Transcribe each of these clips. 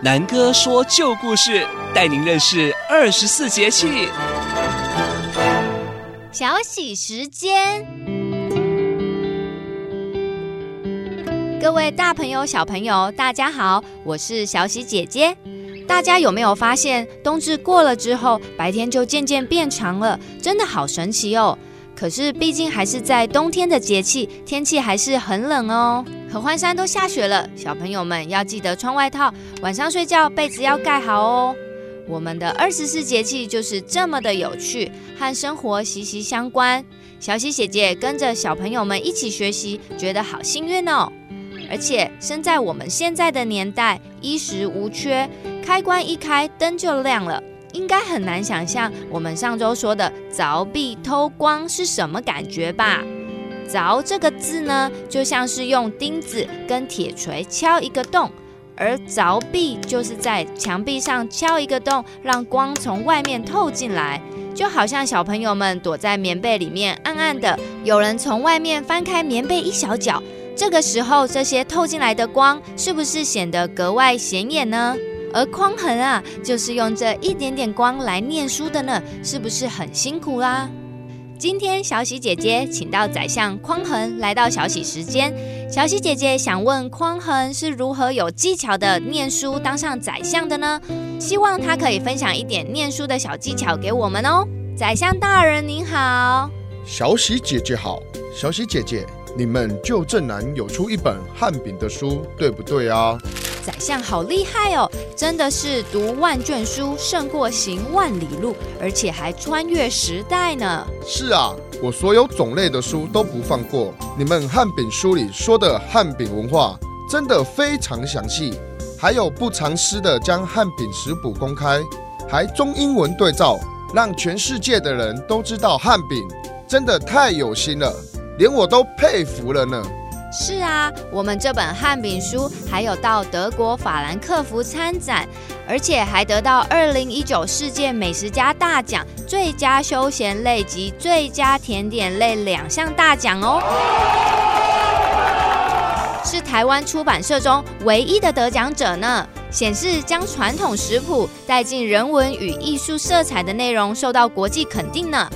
南哥說舊故事，帶您認識二十四節氣。小喜時間，各位大朋友、小朋友，大家好，我是小喜姐姐。大家有沒有發現，冬至過了之後，白天就漸漸變長了，真的好神奇哦！可是，畢竟還是在冬天的節氣，天氣還是很冷哦。合歡山都下雪了，小朋友們要記得穿外套，晚上睡覺被子要蓋好哦。我們的二十四節氣就是這麼的有趣，和生活息息相關。小喜姐姐跟着小朋友們一起學習，覺得好幸運哦。而且身在我們現在的年代，衣食無缺，開關一開，燈就亮了，應該很難想象我們上周說的鑿壁偷光是什麼感覺吧？鑿這個字呢，就像是用釘子跟鐵鎚敲一個洞，而鑿壁就是在牆壁上敲一個洞，讓光從外面透進來。就好像小朋友們躲在棉被裡面暗暗的，有人從外面翻開棉被一小角，這個時候這些透進來的光是不是顯得格外顯眼呢？而匡衡啊，就是用這一點點光來念書的呢，是不是很辛苦啦、啊？今天小喜姐姐請到宰相匡衡來到小喜時間，小喜姐姐想問匡衡是如何有技巧地念書當上宰相的呢？希望他可以分享一點念書的小技巧給我們哦。宰相大人您好，小喜姐姐好，小喜姐姐，你們舊振南有出一本漢餅的書，對不對啊？宰相好厲害哦，真的是讀萬卷書勝過行萬里路，而且還穿越時代呢。是啊，我所有種類的書都不放過。你們漢餅書裡說的漢餅文化真的非常詳細，還有不藏私的將漢餅食譜公開，還中英文對照，讓全世界的人都知道漢餅，真的太有心了，連我都佩服了呢。是啊，我們這本漢餅書還有到德國法蘭克福參展，而且還得到二零一九世界美食家大獎、最佳休閒類及最佳甜點類兩項大獎哦，是台灣出版社中唯一的得獎者呢，顯示將傳統食譜帶進人文與藝術色彩的內容受到國際肯定呢。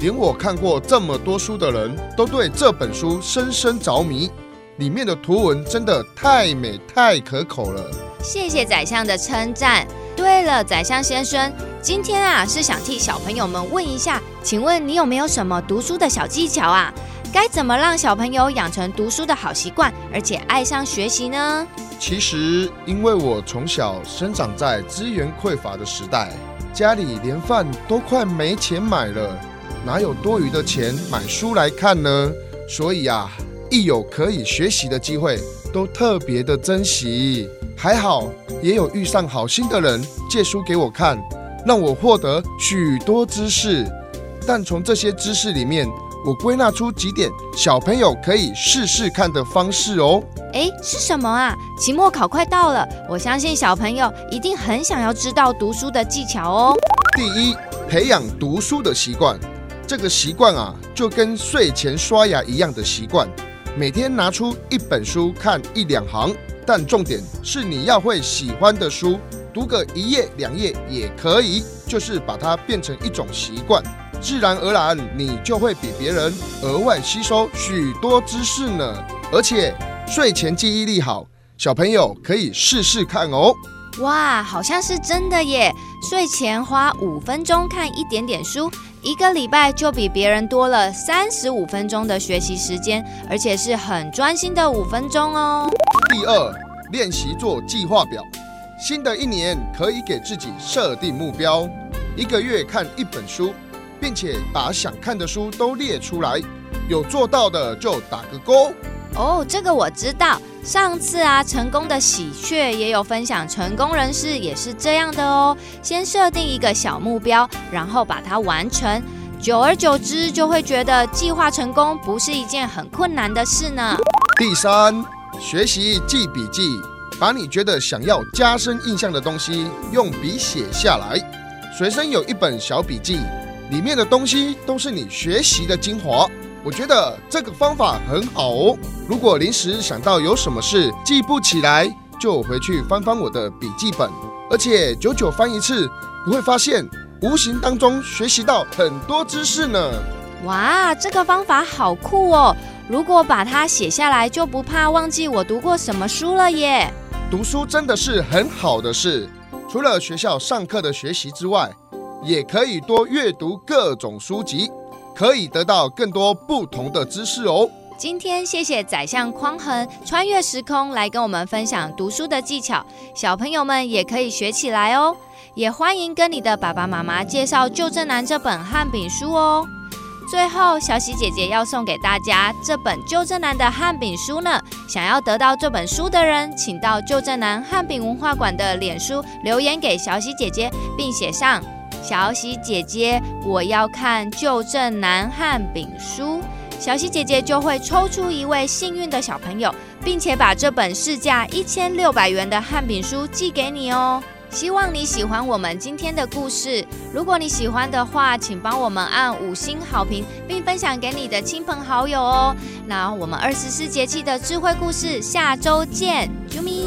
連我看過這麼多書的人都對這本書深深着迷，裡面的圖文真的太美太可口了。謝謝宰相的稱讚。對了，宰相先生，今天啊是想替小朋友們問一下，請問你有沒有什麼讀書的小技巧啊？該怎麼讓小朋友養成讀書的好習慣，而且愛上學習呢？其實，因為我從小生長在資源匱乏的時代，家裡連飯都快沒錢買了。哪有多餘的錢買書來看呢？所以啊，一有可以學習的機會，都特別的珍惜。還好也有遇上好心的人借書給我看，讓我獲得許多知識。但從這些知識裡面，我歸納出幾點小朋友可以試試看的方式喔。欸，是什麼啊？期末考快到了，我相信小朋友一定很想要知道讀書的技巧喔。第一，培養讀書的習慣。這個習慣啊，就跟睡前刷牙一樣的習慣，每天拿出一本書看一兩行，但重點是你要會喜歡的書，讀個一頁兩頁也可以，就是把它變成一種習慣，自然而然你就會比別人額外吸收許多知識呢。而且睡前記憶力好，小朋友可以試試看哦。哇，好像是真的耶！睡前花五分鐘看一點點書。一個禮拜就比別人多了三十五分鐘的學習時間，而且是很專心的五分鐘哦。第二，練習做計劃表。新的一年可以給自己設定目標，一個月看一本書，並且把想看的書都列出來，有做到的就打個勾。哦，這個我知道。上次啊，成功的喜鵲也有分享，成功人士也是這樣的哦。先設定一個小目標，然後把它完成，久而久之就會覺得計劃成功不是一件很困難的事呢。第三，學習記筆記，把你覺得想要加深印象的東西用筆寫下來，隨身有一本小筆記，裡面的東西都是你學習的精華。我覺得這個方法很好哦。如果臨時想到有什麼事記不起來，就回去翻翻我的筆記本，而且久久翻一次，你會發現無形當中學習到很多知識呢。哇，這個方法好酷哦！如果把它寫下來，就不怕忘記我讀過什麼書了耶。讀書真的是很好的事，除了學校上課的學習之外，也可以多閱讀各種書籍，可以得到更多不同的知識哦。今天謝謝宰相匡衡穿越時空來跟我們分享讀書的技巧，小朋友們也可以學起來哦。也歡迎跟你的爸爸媽媽介紹《舊振南》這本漢餅書哦。最後，小喜姐姐要送給大家這本《舊振南》的漢餅書呢。想要得到這本書的人，請到舊振南漢餅文化館的臉書留言給小喜姐姐，並寫上。小喜姐姐，我要看《舊振南漢餅書》，小喜姐姐就會抽出一位幸運的小朋友，並且把這本市價一千六百元的漢餅書寄給你哦。希望你喜歡我們今天的故事。如果你喜歡的話，請幫我們按五星好評，並分享給你的親朋好友哦。那我們二十四節氣的智慧故事，下周見，啾咪！